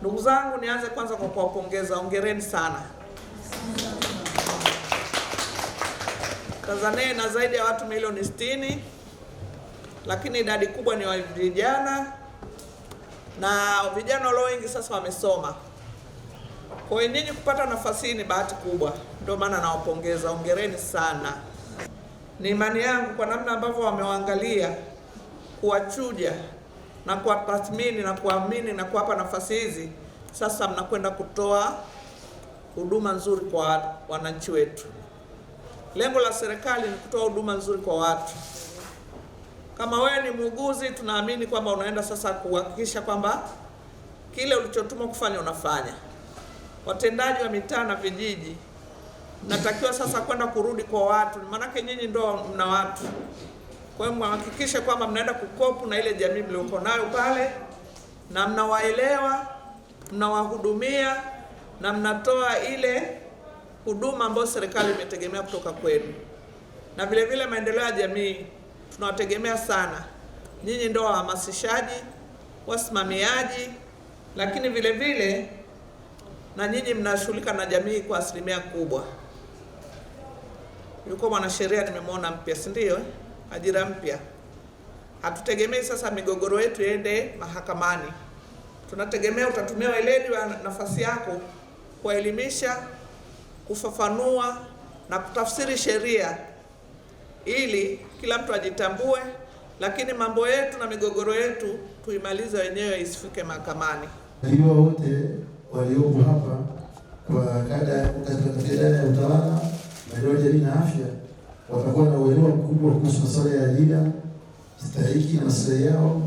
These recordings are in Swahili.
Ndugu zangu, nianze kwanza kwa kuwapongeza, ongereni sana. Tanzania ina zaidi ya watu milioni 60, lakini idadi kubwa ni wa vijana, na vijana walio wengi sasa wamesoma. Kwa hiyo ninyi kupata nafasi hii ni bahati kubwa, ndio maana nawapongeza, ongereni sana. Ni imani yangu kwa namna ambavyo wamewaangalia kuwachuja na kuwatathmini na kuamini na kuwapa nafasi hizi, sasa mnakwenda kutoa huduma nzuri kwa wananchi wetu. Lengo la serikali ni kutoa huduma nzuri kwa watu. Kama wewe ni muuguzi, tunaamini kwamba unaenda sasa kuhakikisha kwamba kile ulichotumwa kufanya unafanya. Watendaji wa mitaa na vijiji, natakiwa sasa kwenda kurudi kwa watu, maanake nyinyi ndo mna watu kwa hiyo mhakikishe kwamba mnaenda kukopu na ile jamii mlioko nayo pale, na mnawaelewa, mnawahudumia na mnatoa ile huduma ambayo serikali imetegemea kutoka kwenu. Na vile vile maendeleo ya jamii tunawategemea sana nyinyi, ndio wahamasishaji, wasimamiaji, lakini vile vile na nyinyi mnashughulika na jamii kwa asilimia kubwa. Yuko mwanasheria nimemwona mpya, si ndio? ajira mpya. Hatutegemei sasa migogoro yetu iende mahakamani, tunategemea utatumia weledi wa nafasi yako kuwaelimisha, kufafanua na kutafsiri sheria ili kila mtu ajitambue, lakini mambo yetu na migogoro yetu tuimalize wenyewe, isifike mahakamani. Waheshimiwa wote waliopo hapa kwa kada kada ya utawala maendeleo ya jamii na afya watakuwa na uelewa mkubwa kuhusu masuala ya ajira stahiki na maslahi yao,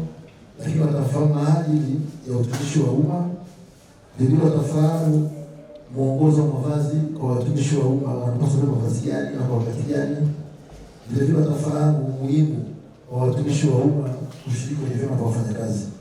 lakini watafahamu maadili ya utumishi wa umma, vilivyo watafahamu mwongozo wa mavazi kwa watumishi wa umma, wanapaswa mavazi gani na kwa wakati gani. Vilevile watafahamu umuhimu wa watumishi wa umma kushiriki kwenye vyama vya wafanyakazi.